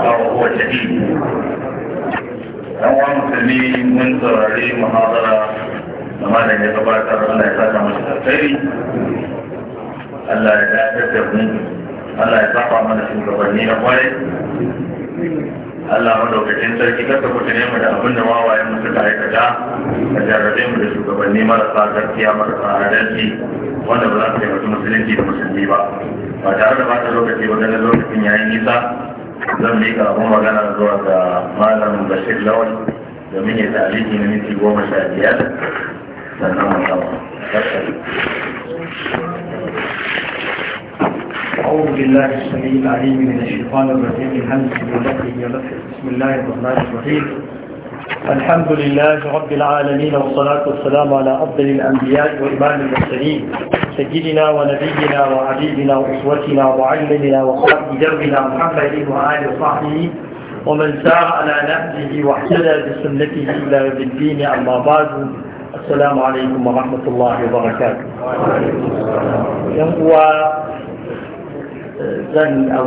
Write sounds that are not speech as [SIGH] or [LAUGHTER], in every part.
هو شديد ɗan musulmi mun saurari muhazara da malam ya gabatar Allah ya saka mashi alkhairi Allah ya dakatar da mu Allah ya saka mana shugabanni na kwarai Allah madaukakin sarki kasa kuta ne mu da abin da wawaye mu suka aikata ka jarrabe mu da shugabanni marasa gaskiya marasa adalci wanda ba za su taimaki musulunci da musulmi ba ba tare da ba ta lokaci ba ganin lokacin yayin nisa لم يكن هم كان ذات مالا مبشر لول جميع تعليق من مثل قوم شاديات الله أعوذ بالله السميع العليم من الشيطان الرجيم الهمس بسم الله الرحمن الرحيم الحمد لله رب العالمين والصلاة والسلام على أفضل الأنبياء وإمام المرسلين سيدنا ونبينا وحبيبنا وأسوتنا وعلمنا وقائد دربنا محمد وآله وصحبه ومن سار على نهجه واحتدى بسنته إلى يوم الدين أما بعد السلام عليكم ورحمة الله وبركاته. ينقوى زن أو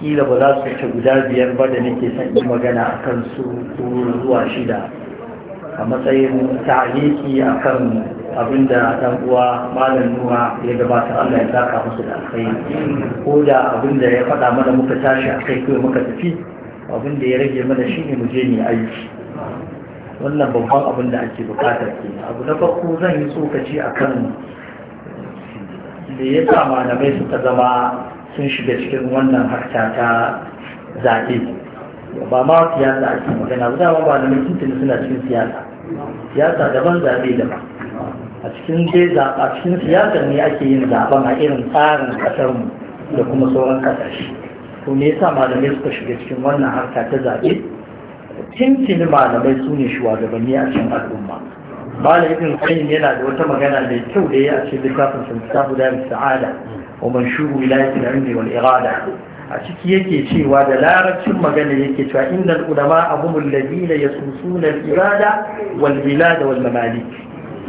kila ba za su wuce guda biyar ba da nake son yi magana a kan su zuwa shida a matsayin tariki a kan abin da ɗan uwa malam nuna ya gabata Allah ya saka musu da alkhairi ko da abin da ya faɗa mana muka tashi a kai muka tafi abin da ya rage mana shine mu je mu aiki wannan babban abin da ake bukata ke abu na farko zan yi tsokaci akan da ya sa malamai suka zama sun shiga cikin wannan harka ta zaɓe ba ma siyasa ake magana ba dama ba da mutum suna cikin siyasa siyasa daban zaɓe daban a cikin a cikin siyasar ne ake yin zaɓen a irin tsarin ƙasarmu da kuma sauran ƙasashe to me yasa malamai suka shiga cikin wannan harka ta zaɓe tintini malamai su ne shugabanni a cikin al'umma malam ibn qayyim yana da wata magana mai kyau da ya ce littafin sun tafi da sa'ada ومن شوه ولايه العلم A ciki yake cewa da larabcin magana yake cewa innal ulama abul ladina yasusuna al irada, wal da wal mamalik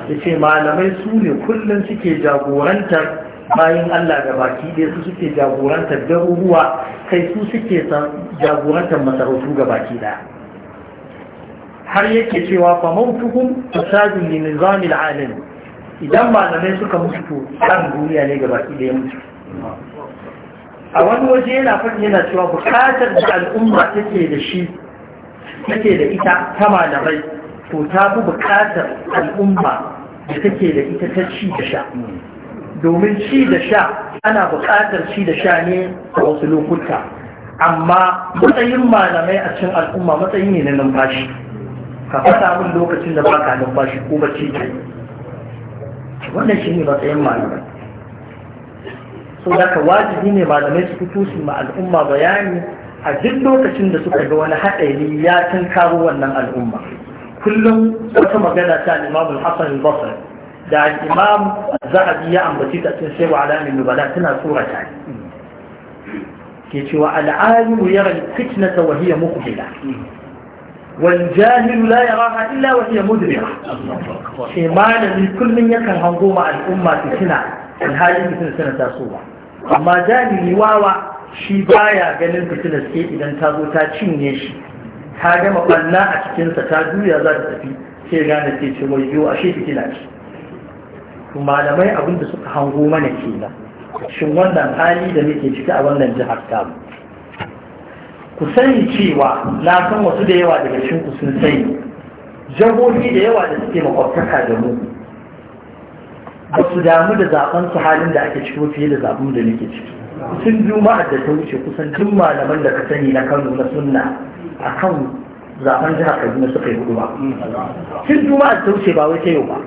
yace malamai su ne kullun suke jagorantar bayan Allah ga baki dai su suke jagorantar garuruwa kai su suke jagorantar masarautu ga baki da har yake cewa famantuhum fasadun li nizamil alamin idan malamai suka mutu to, kan duniya ne gaba da ya mutu a wani waje yana faɗi yana cewa bukatar da al'umma take da shi take da ita ta malamai to ta fi bukatar al'umma da take da ita ta ci da sha domin ci da sha ana bukatar ci da sha ne a wasu lokuta amma matsayin malamai a cikin al'umma matsayi ne na numfashi ka faɗa min lokacin da baka numfashi ko bacci yi. wannan shi ne matsayin malamai Sau da ka wajibi ne malamai su fito su ma al'umma bayani a duk lokacin da suka ga wani haɗari ya tunkaro wannan al'umma kullum wata magana ta Limamin hasan basri da imam zahabi ya ambaci ta cin sai wa alamin nubala tana tsora ta ke cewa al'ayu yara fitnata wa hiya muqbila والجاهل لا يراها إلا وهي مدبرة في معنى من كل من يكن هنقوم الأمة في سنة الهاجم في سنة سنة تاسوبة أما جاهل واوا shi baya ganin fitilar sai idan ta zo ta cinye shi ta gama ɓanna a cikinsa ta juya za ta tafi sai gane sai ce wai yiwu ashe fitila ce malamai abinda suka hango mana kenan shin wannan hali da muke ciki a wannan jihar tamu ku sani cewa na san wasu da yawa daga cikin ku sun sani jagohi da yawa da suke makwabtaka da mu ba su damu da zaben su halin da ake ciki fiye da zaben da nake ciki sun juma'ar da ta wuce kusan duk malaman da ka sani na kano na sunna a kan zaben jihar kaduna suka yi hudu ba sun juma'ar ta wuce ba wai ta yau ba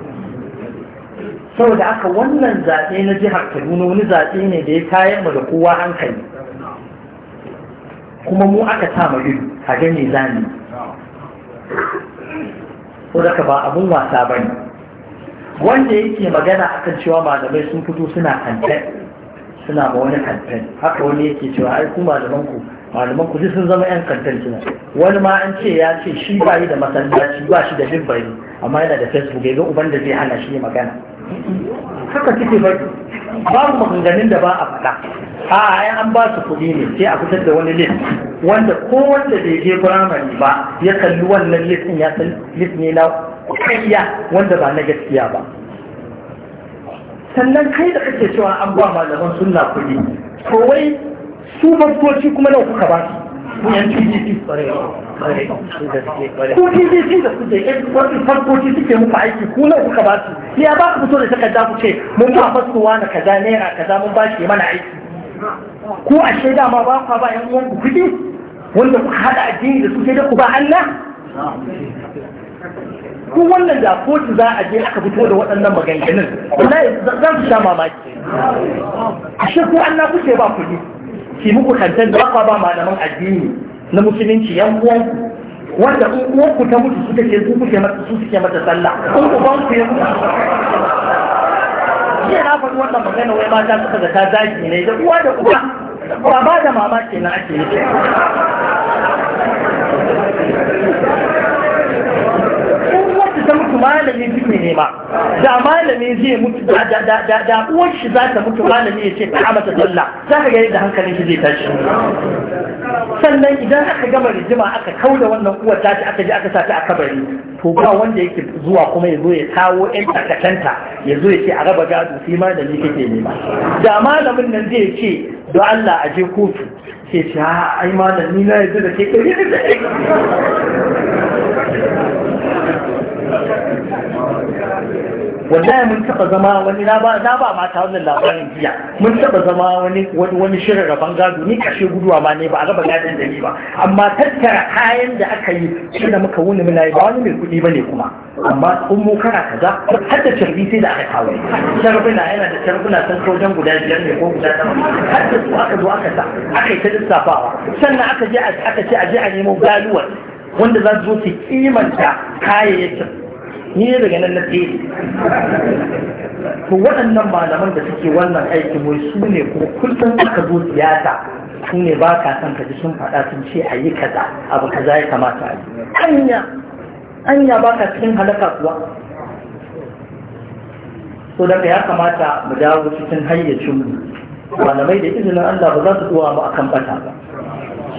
saboda aka wannan zaɓe na jihar kaduna wani zaɓe ne da ya tayar ma da kowa hankali kuma mu aka sa mu ido a gani zani ko daga ba abun wasa ba ne wanda yake magana akan cewa malamai sun fito suna kantar suna ba wani kantar haka wani yake cewa ai ku malaman ku malaman ku sun zama yan kantar kina wani ma an ce ya ce shi ba yi da masallaci ba shi da bimbari, amma yana da facebook ya ga uban da zai hana shi magana haka suke ba babu maganganun da ba a faɗa a ai an ba su kuɗi ne sai a fitar da wani list wanda ko wanda bai je firamare ba ya kalli wannan list ya san list ne na kariya wanda ba na gaskiya ba sannan kai da kake cewa an ba malaman sunna kuɗi to wai su bankoci kuma nawa kuka ba su yan PDP ko PDP da suke eh, wani bankoci suke muku aiki ku nawa kuka ba su ya ba ku fito da takarda ku ce mun ba fasuwa na kaza naira kaza mun ba shi mana aiki ko a shaida ma ba kwa ba yan uwan kuɗi wanda kuka haɗa addini da su sai da ku ba Allah ko wannan da kotu za a je aka fito da waɗannan maganganun wallahi za su sha mamaki ashe ko Allah na kuce ba kuɗi ki muku kantan da kwa ba malaman addini na musulunci yan uwan wanda in uwanku ta mutu suka ce su kuke mata su suke mata sallah in uban ku ya mutu jiya na faɗi wannan magana wai mata suka ga ta zaki ne da uwa da uba ba ba da mama ke na ake yi ta mutu malami ne ba, da malami zai mutu da uwar shi za ta mutu malami ya ce ta amata sallah za ka ga yadda hankalin shi zai tashi sannan idan aka gama rijima aka kauda wannan uwar tashi aka ji aka sata a kabari to ba wanda yake zuwa kuma ya zo ya kawo yan takatanta ya zo ya ce a raba gado sai ni kake nema da malamin nan zai ce don Allah a je kotu sai ce a ah, ai malami na yanzu da ke kai wallahi mun taba zama wani na ba na ba mata wannan labarin jiya mun taba zama wani wani shirin rabon gado ni kashe guduwa ma ne ba a raba gadon da ni ba amma tattara kayan da aka yi shi da muka wuni muna yi ba wani mai kuɗi bane kuma amma in mu kana kaza har da sharbi sai da aka kawo sharbuna yana da sharbuna sun wajen guda biyar ne ko guda tara har da su aka zo aka sa aka yi ta lissafawa sannan aka je aka ce a je a nemo galuwar wanda za su zo su kimanta kayayyakin ni ne daga nan na tsere to waɗannan malaman da suke wannan aikin wai su ne kuma kullum aka zo siyasa su ne ba ka san ka ji sun faɗa sun ce a yi kaza abu kaza ya kamata a yi anya anya ba ka cikin halaka kuwa so daga ya kamata mu dawo cikin mu malamai da izinin Allah ba za su zuwa mu akan bata ba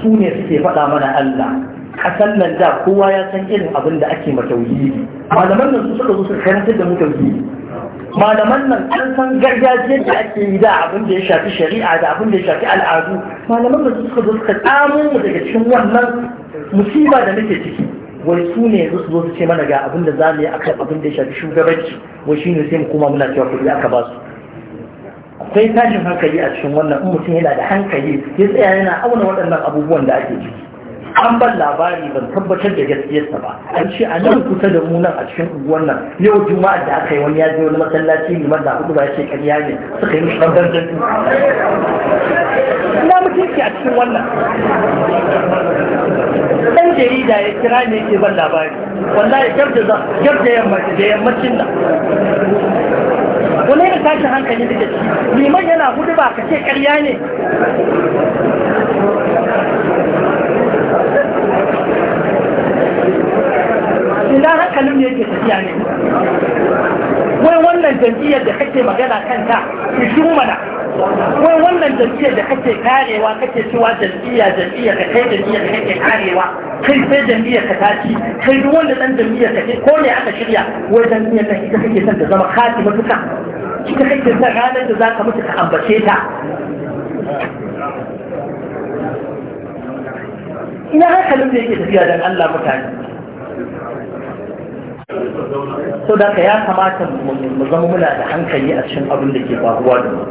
su ne suke faɗa mana Allah kasan nan da kowa ya san irin abin da ake ma malaman nan su suka zo su karantar da mu tauhidi malaman nan an san gargajiyar da ake yi da abin da ya shafi shari'a da abin da ya shafi al'adu malaman nan su suka zo suka tsamo mu daga cikin wannan musiba da muke ciki wai su ne su zo su ce mana ga abin da za mu yi akan abin da ya shafi shugabanci wai shine sai mu koma muna cewa kuɗi aka ba su akwai tashin hankali a cikin wannan in mutum yana da hankali ya tsaya yana auna waɗannan abubuwan da ake ciki an ban labari ban tabbatar da gaskiyarsa ba an ce a nan kusa da mu nan a cikin unguwar nan yau juma'a da aka yi wani ya je wani masallaci ne da hudu ba ya ce kariya ne suka yi mishi ɗan ina ke a cikin wannan ɗan jarida ya kira ne ke ban labari wallahi gab da yammacin nan wani da tashin hankali da ke liman yana hudu ba ka ce ƙarya ne ina hankalin yake tafiya ne wai wannan jam'iyyar da kake magana kanta ki shiru mana wai wannan jam'iyyar da kake karewa kake cewa jam'iyya jam'iyya ka kai jam'iyyar da kake karewa kai sai jam'iyyar ka tashi kai duk wanda dan jam'iyyar ka ko ne aka shirya wai jam'iyyar ka ita kake son ta zama khatima duka Kika kake son ranar da zaka mutu ka ambace ta ina hankalin da yake tafiya dan Allah mutane Sau da ka ya kamata mu zama muna da hankali a cikin abin da ke faruwa da mu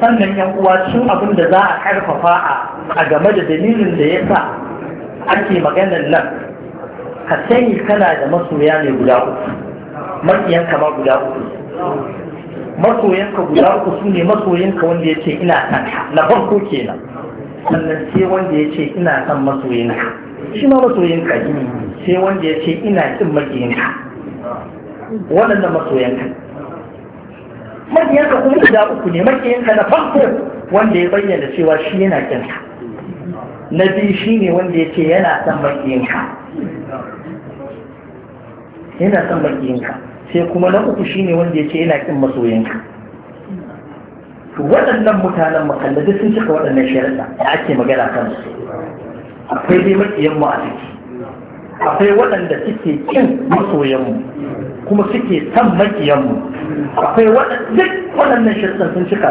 sannan yan uwa cikin abin da za a karfafa a game da dalilin da ya sa ake maganar nan ka sani kana da masoya mai guda uku makiyan kama guda uku masoyanka guda uku su ne masoyanka wanda ya ce ina son na farko kenan sannan sai wanda ya ce ina son masoyinka shi ma masoyinka ne sai wanda ya ce ina cin makiyanka waɗanda masoyanka makiyanka kuma guda uku ne makiyanka na farko wanda ya bayyana cewa shi yana ka. na biyu shi ne wanda ya ce yana son makiyanka yana son makiyanka sai kuma na uku shi ne wanda ya ce yana cin masoyanka waɗannan mutanen makalladi sun cika waɗannan shirin da ake magana kansu akwai dai makiyan mu a ciki akwai waɗanda suke kin masoyanmu kuma suke san makiyanmu akwai duk waɗannan shirkan sun cika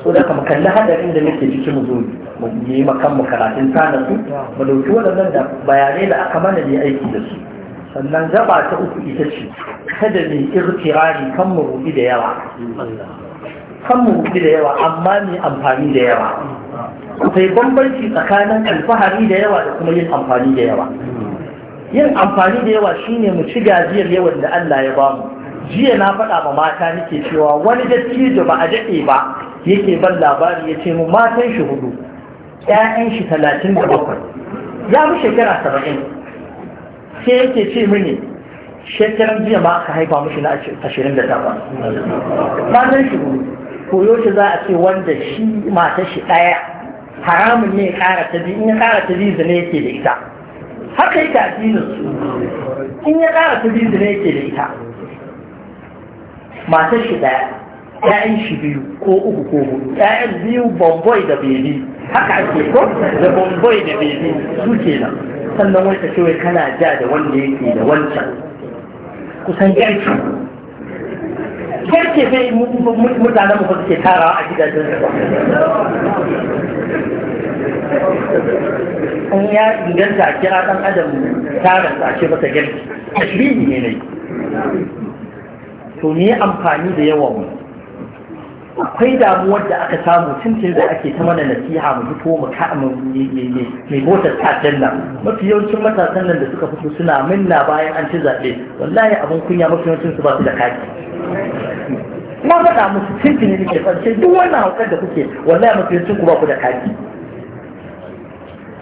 su so da kama kalli hadarin da muke ciki mu zo mu yi makan mu karatun tana su mu ɗauki waɗannan da bayanai da aka mana ne aiki da su sannan gaba ta uku ita ce kada mai irtirari kan mu da yawa kan da yawa amma mai amfani da yawa akwai bambanci tsakanin alfahari da yawa da kuma yin amfani da yawa yin amfani da yawa shine mu ci gajiyar yawan da Allah ya bamu jiya na faɗa ma mata nake cewa wani dattijo ba a daɗe ba yake ban labari ya ce mu matan shi hudu 'ya'yan shi talatin da bakwai ya mu shekara saba'in sai yake ce mini shekaran jiya ma aka haifa mushi na ashirin da ba ranar shi koyo shi za a ce wanda shi mata shi ɗaya haramun ne ƙara ta biyu in ya ƙara ta biyu zane yake da ita haka yake addinin su in ya ƙara ta biyu zane yake da ita mata shi ɗaya ‘ya'yan shi biyu ko uku ko hudu ‘ya'yan biyu bomboy da bebi haka ake ko da bomboy da bebi su kenan sannan wata ce kana ja da wanda yake da wancan kusan yanki yanki sai mutanen mu suke tarawa a gidajen su An ya inganta a kira ɗan adam tarin a ce masa yanki tashbihi ne ne to ne amfani da yawan mu akwai damuwar da aka samu tun da ake ta mana nasiha mu fito mu ka mu mai motar ta nan mafi yawancin matasan nan da suka fito suna minna bayan an ci zaɓe wallahi abin kunya mafi yawancin su ba su da kaki na faɗa musu tun ne ke farce duk wannan haukar da kuke wallahi mafi yawancin ku ba ku da kaki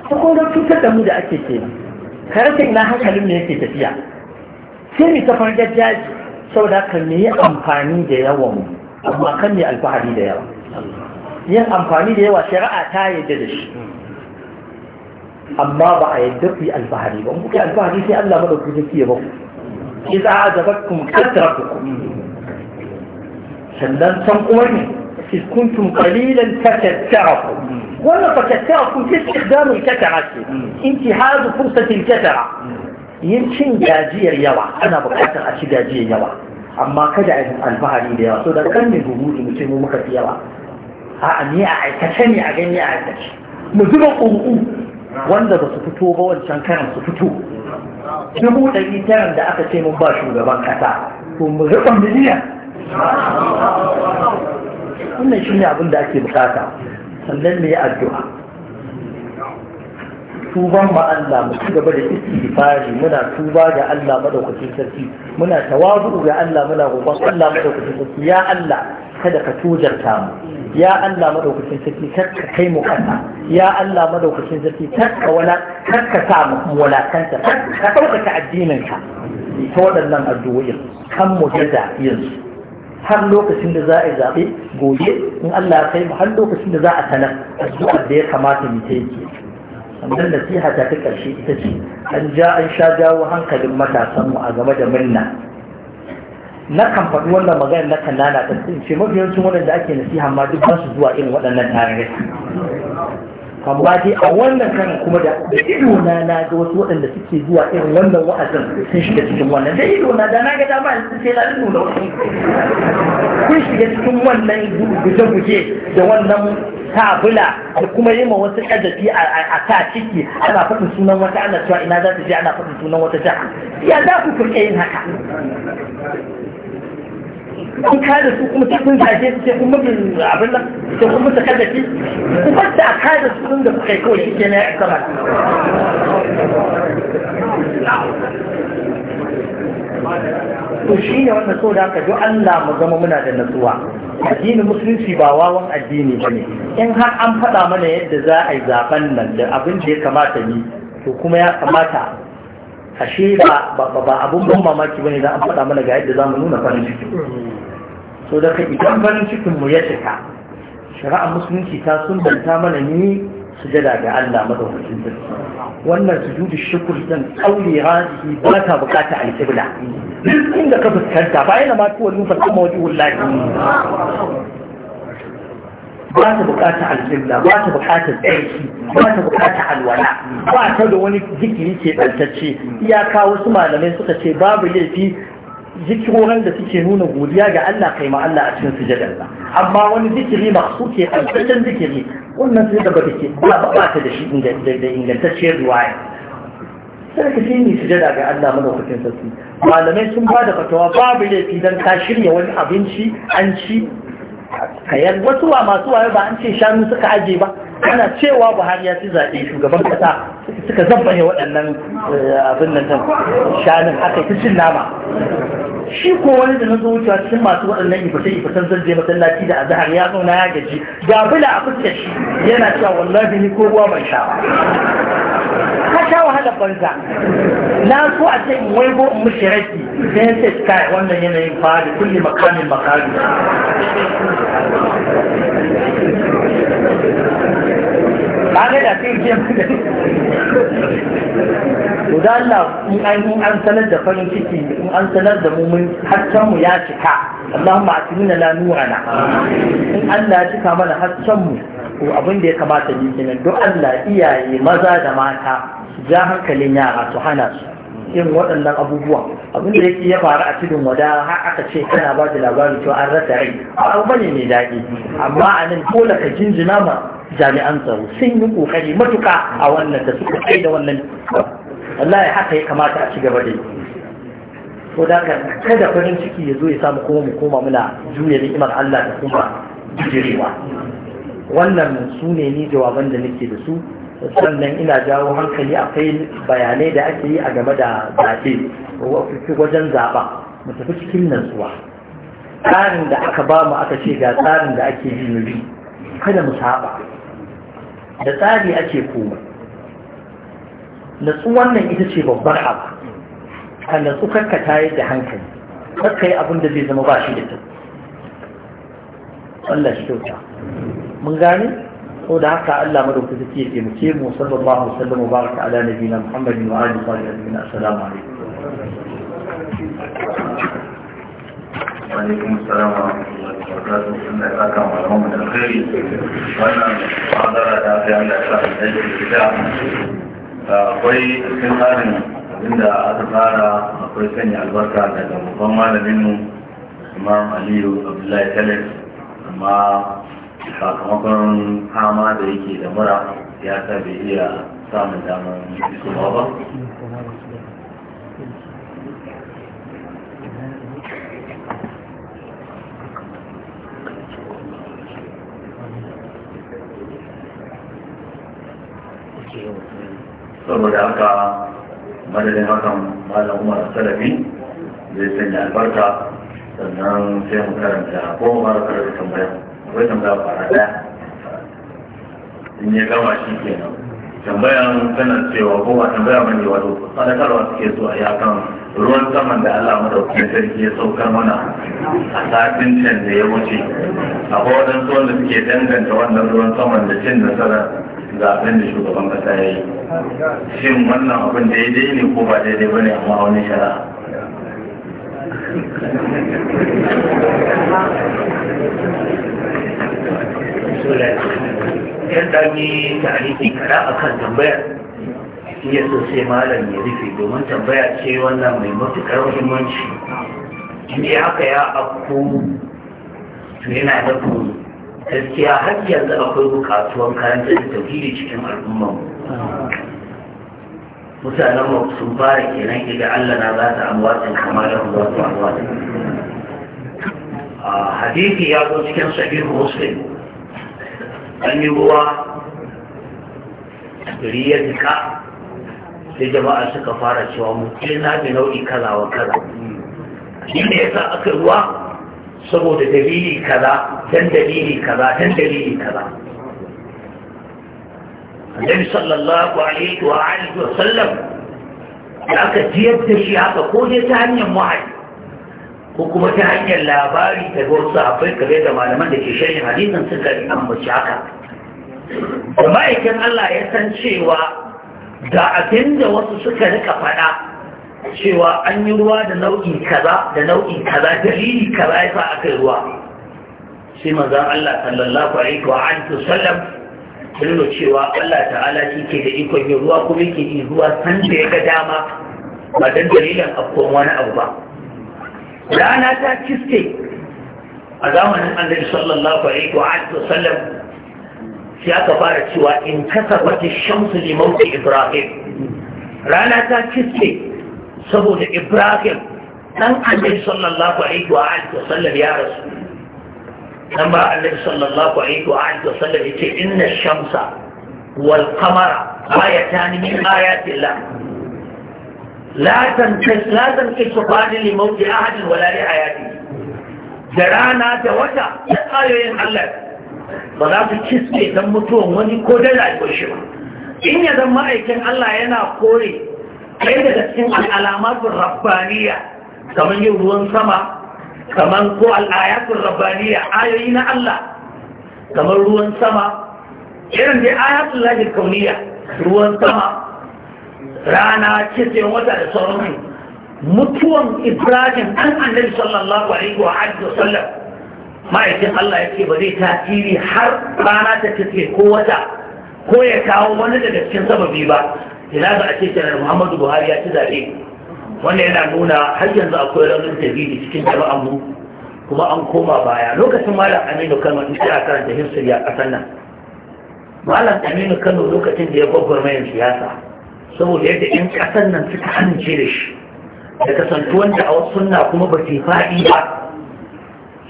ta kuma cutar da mu da ake ke ka rasa ina hankalin me yake tafiya sai mu ta fargar sau saboda kan me amfani da yawan mu amma kan ne alfahari da yawa yin amfani da yawa shari'a ta yadda da shi amma ba a yadda ku alfahari ba kuka alfahari sai Allah madaukakin sarki ya baku kun azabakum ku. sannan san kuma ne إذ كنتم قليلا فتتعكم ولا فتتعكم في استخدام الكتعة انتهاز Yin cin gajiyar yawa. Ana buƙatar a ci gajiyar yawa. amma kada a alfahari da yawa so da kan ne buhuri mu ce mu muka fi yawa a'a ni a aikace ne a gani a aikace mu zuba ƙungu wanda ba su fito ba wancan karan su fito dubu ɗari taran da aka ce mun ba shugaban kasa to mu zuba miliyan wannan shi ne abin da ake bukata sannan mu yi addu'a tuba ma Allah mu ci gaba da istighfari muna tuba ga Allah madaukakin sarki muna tawazu ga Allah muna roƙon Allah madaukakin sarki ya Allah kada ka tujarta mu ya Allah madaukakin sarki kar ka kai mu kasa ya Allah madaukakin sarki kar ka wala ka sa mu walakanta ka ɗaukaka addinin ka ta waɗannan addu'o'in kan mu da yanzu har lokacin da za a yi zaɓe gobe in Allah ya kai mu har lokacin da za a sanar addu'ar da ya kamata mu ta yake sannan nasiha ta ta ƙarshe ita ce an ja an sha jawo hankalin matasanmu a game da murna na kan faɗi wannan magana na kan nana ta ce mafiyancin waɗanda ake nasiha ma duk ba su zuwa irin waɗannan tarihi amma dai a wannan kan kuma da ido na na ga wasu waɗanda suke zuwa irin wannan wa'azin sun shiga cikin wannan da ido na da na ga dama yanzu ce na ido na wasu kun shiga cikin wannan guje-guje da wannan tafula da kuma yi ma wasu ƙazafi a ta ciki ana faɗin sunan wata ana cewa ina za ta je ana faɗin sunan wata jiha ya za ku kurke yin haka kun kada su kuma sai kun zaje su sai kun mutu abin nan sai kun mutu ƙazafi ku fasta a kada su da kuka yi kawai shi ke na ya sama to shi ne wannan so da haka duk Allah mu zama muna da natsuwa addinin musulunci ba wawan addini ba ne in har an faɗa mana yadda za a yi zaben nan da abin da ya kamata ni to kuma ya kamata ashe ba abun ban mamaki bane za an faɗa mana ga yadda za mu nuna farin ciki so da idan farin cikin mu ya cika shari'ar musulunci ta sun mana ni sujada ga Allah madaukakin sarki wannan sujudu shukur dan kauli razi ba ta bukata alkibla duk inda ka fuskanta ba yana ma tuwa nufa kuma wajen wallahi ba ta bukata alkibla ba ta bukata tsarki ba ta bukata alwala ba ta da wani zikiri ke tsantacce iyaka wasu malamai suka ce babu laifi zikirorin da suke nuna godiya ga Allah kai ma Allah a cikin sujadar ba amma wani zikiri masu ke alƙaƙen zikiri wannan sujadar ba ba ba ta da shi da ingantacciyar ruwaya sai ka ce ni sujada ga Allah madaukakin sarki malamai sun ba da fatawa babu laifi dan ka shirya wani abinci an ci kayar wasu wa masu waye ba an ce shanu suka aje ba ana cewa buhari ya ci zaɓe shugaban kasa suka zabbaye waɗannan eh, abin nan shanun aka yi cin nama shi ko wani da na zo wucewa cikin masu waɗannan ifatan ifatan zan je masallaci da azahar ya zauna ya gaji ga bila a fuskar shi yana cewa wallahi ni ko ruwa ban sha ba banza na so a ce in waigo in mushi raki sai ya ce kai wannan yanayin fa da kulli makamin makami ba ga da sai ke to da Allah in an in an sanar da farin ciki in an sanar da mu mun haccan mu ya cika Allahumma atimina la nurana in Allah ya cika mana haccan mu to abin da ya kamata ne kenan don Allah iyaye maza da mata ja hankalin yara su hana su yin waɗannan abubuwan. abin da yake ya faru a cikin wada har aka ce kana ba da labari to an rasa rai abu bane mai daɗi amma a nan dole ka jinjina ma jami'an tsaro sun yi kokari matuka a wannan da suka kai da wannan wallahi haka ya kamata a ci gaba da ko da kada farin ciki ya zo ya samu kuma mu koma muna juya ni'imar Allah da kuma jirewa wannan su ne ni jawaban da nake da su sannan ina jawo hankali akwai bayanai da ake yi a game da zaɓe wajen zaɓa mu tafi cikin nantsuwa tsarin da aka ba mu aka ce ga tsarin da ake yi mu kada mu saba da tsari ake koma natsu wannan ita ce babbar abu a natsu karka yi da hankali karka yi abin da zai zama ba shi da ta Allah shi kyauta mun gane saboda haka Allah madaukakin sarki ya taimake mu sallallahu alaihi wasallam baraka ala nabiyina Muhammadin wa alihi wa sahbihi assalamu alaikum alaikum assalam wa rahmatullahi wa barakatuh inna saka wa rahmu da khairi wannan fadara da ta Allah ta aiki gida akwai cikin tsarin inda aka tsara akwai sanya albarka daga babban malamin mu Imam Aliyu Abdullahi Talib amma sakamakon fama da yake da mura ya sa bai iya samun damar suwa ba saboda haka madadin hakan malam umar salafi zai sanya albarka sannan sai mu karanta ko mu fara karanta tambaya akwai tambaya fara ɗaya in ya gama shi nan tambayan tana cewa ko ba tambaya bane wato sadakarwa suke so a yakan ruwan saman da Allah na sarki ya saukar mana a satin can da ya wuce akwai tsohon da suke danganta wannan ruwan saman da cin nasara zaben da shugaban kasa ya yi shin wannan abin daidai ne ko ba daidai ba ne amma wani shari'a [LAUGHS] yan ɗanyi tarihi kada a kan tambayar iya so sai malam ya rufe domin tambaya ce wannan mai matukar muhimmanci inda haka ya afku yana nufin gaskiya har yanzu akwai bukatuwan kayan da cikin al'ummar mutanen mu sun fara kenan idan Allah na za ta amwatin kamar da kuma amwatin hadisi ya zo cikin sahihu muslim an yi ruwa gari ya jika sai jama'a suka fara cewa mutum na bi nau'i kaza wa kaza shi ne yasa aka ruwa saboda dalili kaza dan dalili kaza dan dalili kaza annabi sallallahu alaihi wa alihi wa sallam ya aka jiyar da shi haka ko dai ta hanyar muhajji ko kuma ta hanyar labari daga wasu akwai kare da malaman da ke shayin hadisin suka yi ambaci haka da ma'aikin Allah ya san cewa da abin da wasu suka rika faɗa cewa an yi ruwa da nau'in kaza da nau'in kaza dalili kaza ya sa aka ruwa sai manzon Allah sallallahu alaihi wa alihi sallam nuna cewa Allah ta'ala shi ke da ikon yin ruwa kuma yake yin ruwa san da ya ga dama ba dan dalilan afkon wani abu ba rana ta kiske a zamanin annabi sallallahu alaihi wa sallam ya aka fara cewa in kasa kasabata shamsu liman ibrahim rana ta kiske saboda ibrahim dan annabi sallallahu alaihi wa sallam ya rasu dan ba annabi sallallahu alaihi wa sallam yace inna shamsa wal qamara ayatan min ayatillah لا تنكس لا تنكس فان لموت أحد ولا لحياته جرانا توجع يتقايين الله فلا تكسكي تموتون وني كودلا يوشيو إن يدم أيكن الله ينا قولي كيف تكسين العلامات الربانية كمن يولون سما كمن قو الآيات الربانية آيين الله كمن رون سما إذن دي آيات الله الكونية ruwan sama rana kitse wata da sauran mutuwan ibrahim an annabi sallallahu alaihi wa alihi wasallam ma'aikin Allah yake ba zai tasiri har rana ta kitse ko wata ko ya kawo wani daga cikin sababi ba ina ga ake kenan Muhammadu Buhari ya ci zabe wannan yana nuna har yanzu akwai raunin tarihi cikin jama'an mu kuma an koma baya lokacin malam Aminu Kano in ya karanta history a ƙasar nan malam Aminu Kano lokacin da ya gwagwarmayar siyasa saboda yadda ƴan ƙasar nan suka amince da shi da kasantu wanda a wasu suna kuma ba su faɗi ba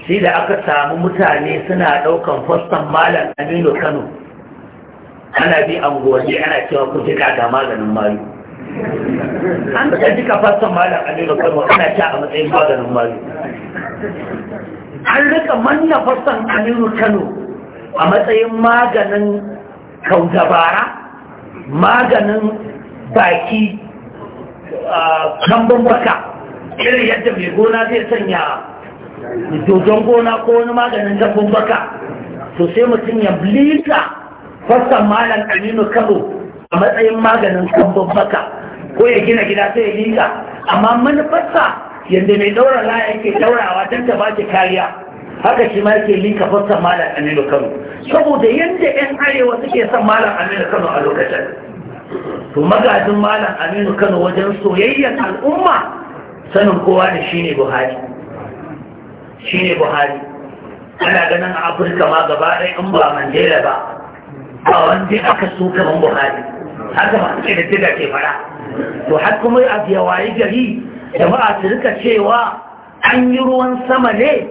sai da aka samu mutane suna ɗaukan fastan malam aminu kano ana bi gobe ana cewa ku jika ga maganin mayu an da jika fastan malam aminu kano ana sha a matsayin maganin mayu an rika manna fastan aminu kano a matsayin maganin kaudabara maganin baki kambon baka irin yadda mai gona zai sanya dodon gona ko wani maganin dabbon baka to sai mutum ya blita fassan malam aminu kano a matsayin maganin kambon baka ko ya gina gida sai ya lika amma manufarsa yadda mai daura la yake daurawa don ta baki kariya haka shi ma yake lika fassan malam aminu kano saboda yadda yan arewa suke son malam aminu kano a lokacin to magajin malam aminu kano wajen soyayyar al'umma sanin kowa ne shine buhari shine buhari ana ganin afirka ma gaba ɗaya in ba mandela ba ba wanda aka so kamar buhari haka ba ce da tiga ke fara to har kuma a yawayi gari jama'a su rika cewa an yi ruwan sama ne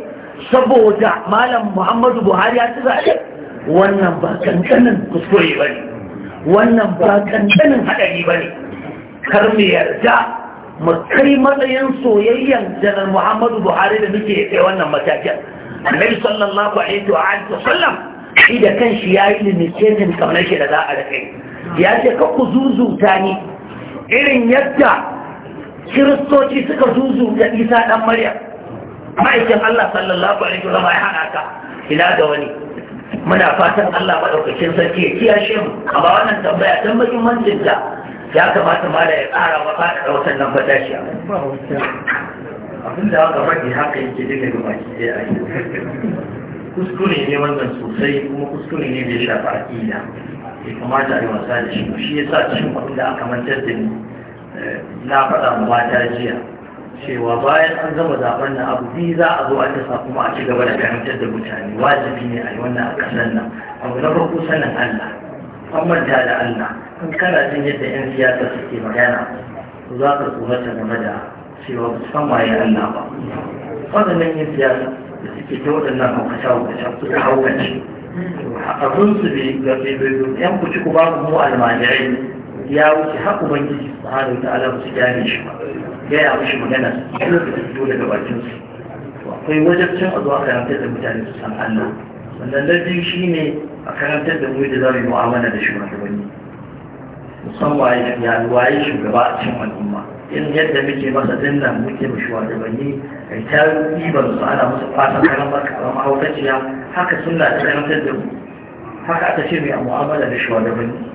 saboda malam muhammadu buhari ya ci zaɓe wannan ba kankanin kuskure ba ne wannan ba kankanin haɗari ba ne kar mu yarda mu kai matsayin soyayyan janar muhammadu buhari da muke ya kai wannan matakin annabi sallallahu alaihi wa alihi wasallam shi da kanshi yayi limitation kamar shi da za a da kai ya ce ka ku zuzuta ni irin yadda kiristoci suka zuzuta isa dan maryam ma'aikin allah sallallahu alaihi wa sallam ya hana ka ila da wani muna fatan Allah maɗaukakin sarki ya kiyashe mu amma wannan tambaya don muhimmancin ta ya kamata ma da ya kara maka da watan nan ba tashi aka faɗi haka yake daga baki sai a kuskure ne wannan sosai kuma kuskure ne da ya shafi aƙida ya kamata a yi wasa da shi shi yasa cikin abinda aka mantar da ni eh, na faɗa mata jiya cewa bayan an gama zaben na abu biyu za a zo a tasa kuma a ci gaba da fahimtar da mutane wajibi ne a yi wannan a kasar nan abu na farko sanin Allah an manta da Allah in kana jin yadda yan siyasa suke magana to za ka tsorata game da cewa ba su san waye Allah ba waɗannan yan siyasa da suke ta waɗannan haukace-haukace su haukace abin su bai ga bai bai yan kuci ku ba mu almajirai ya wuce haku banki subhanahu ta'ala ba su gyare shi ba ya ya mishi magana su, yana da fito daga bakin su akwai wajabcin a zuwa karantar da mutane su san Allah sannan na biyu shine a karantar da mu da za mu yi mu'amala da shugabanni musamman ya yi waye shugaba a cikin al'umma in yadda muke masa dinnan muke mu shugabanni kai ta ribar su ana musu fata karamar karamar hautaciya haka suna da karantar da mu haka aka ce mai mu'amala da shugabanni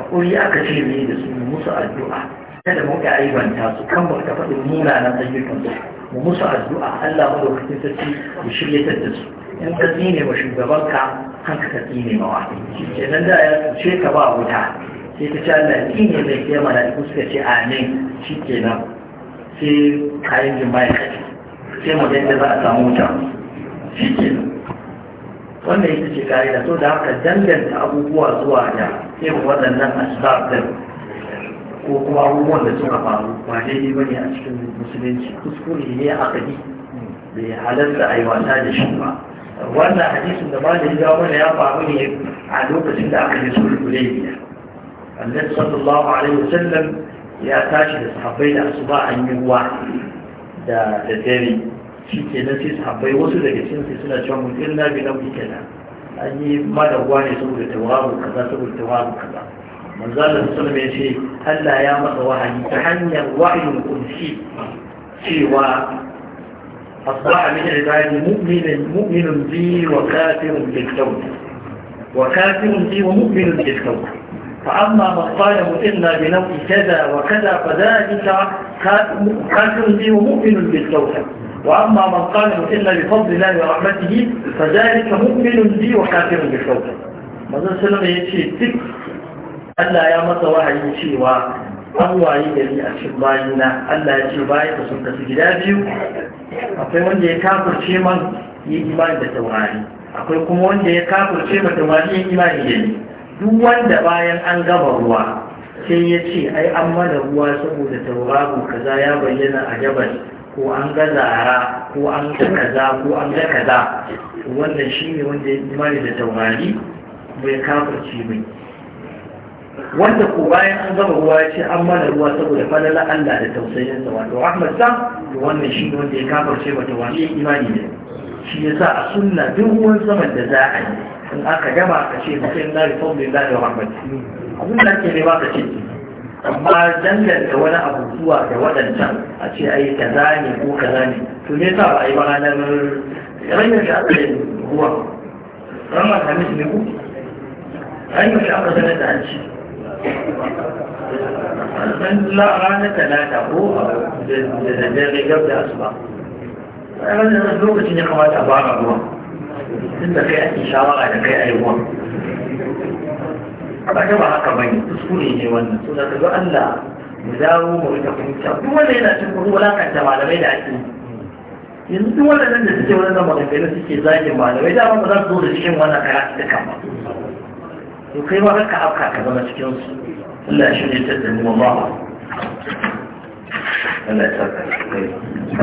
haƙuri aka ce ne da su musu addu'a kada mu ga aibanta su kan mu ka faɗi munanan ayyukan su mu musu addu'a Allah madaukakin sarki ya shiryatar da su in ka tsine shugaban shugabanka hanka ka tsine mawa kenan da ya tsuce ka ba wuta sai ta ce Allah tsine mai sai mala'iku suka ce amin shikenan sai kayan jima'i sai mu da za a samu wuta shikenan wannan ita ce ka'ida so da haka danganta abubuwa zuwa da irin waɗannan asbab din ko kuma abubuwan da suka faru ba daidai ne a cikin musulunci kuskure ne a kadi bai halarta a yi wasa da shi ba wannan hadisin da ba da ya wani ya faru ne a lokacin da aka yi sulhu hudaybiya annabi sallallahu alaihi wasallam ya tashi da sahabbai da asuba an yi ruwa da daddare. shi ke nan sai sahabbai wasu daga cikin sai suna cewa mun illa bi nau'i kaza an yi madawwa ne saboda tawaru kaza saboda tawaru kaza manzo Allah sallallahu alaihi wasallam ya ce Allah ya masa wahayi ta hanyar wa'idul qudsi cewa أصبح من عبادي مؤمن مؤمن بي وكافر بالكون وكافر بي ومؤمن بالكون فأما من قال مؤمنا بنوع كذا وكذا فذلك كافر بي ومؤمن بالكون وأما من قال إلا بفضل الله ورحمته فذلك مؤمن بي وكافر بفضله manzon sallama ya ce duk Allah ya masa wahayi cewa an waye gari a cikin bayina Allah ya ce bayan da sun kasu gida biyu akwai wanda ya kafirce man yi imani da taurari akwai kuma wanda ya kafirce ma taurari ya imani da ni duk wanda bayan an gaba ruwa sai ya ce ai an mana ruwa saboda tauraro kaza ya bayyana a gabas ko an ga zara ko an ga kaza ko an ga kaza wannan shi ne wanda ya yi da taurari bai kafirci mai wanda ko bayan an gama ruwa ya ce an mana ruwa saboda falala Allah da tausayinsa wato rahmat sa wannan shi wanda ya kafirce ba taurari imani ne shi ya sa a sunna duk ruwan saman da za a yi in aka gama a ce mutum na rifon bin da rahmat abin da ake ne ba ka ce amma danganta wani abu zuwa ga waɗancan a ce ai kaza ne ko kaza ne to me yasa ba a yi ba ranar ranar da aka yi ruwa ranar hamis ne ku ranar da aka sanar da an ci ranar talata ko da daddare gab da asuba ranar lokacin ya kamata a fara ruwa tun da kai ake shawara da kai a yi ruwa kaga ba haka bane kuskure ne wannan so da kaga Allah mu dawo mu rika fahimta duk wanda yana cin kuɗi wulakanta malamai da ake yanzu duk wanda nan da suke wani da maganganu suke zagin malamai Da ba za su zo da cikin wannan karatu da kama to kai ma ka afka ka zama cikin su Allah ya shirya ta da mu ba Allah ya saka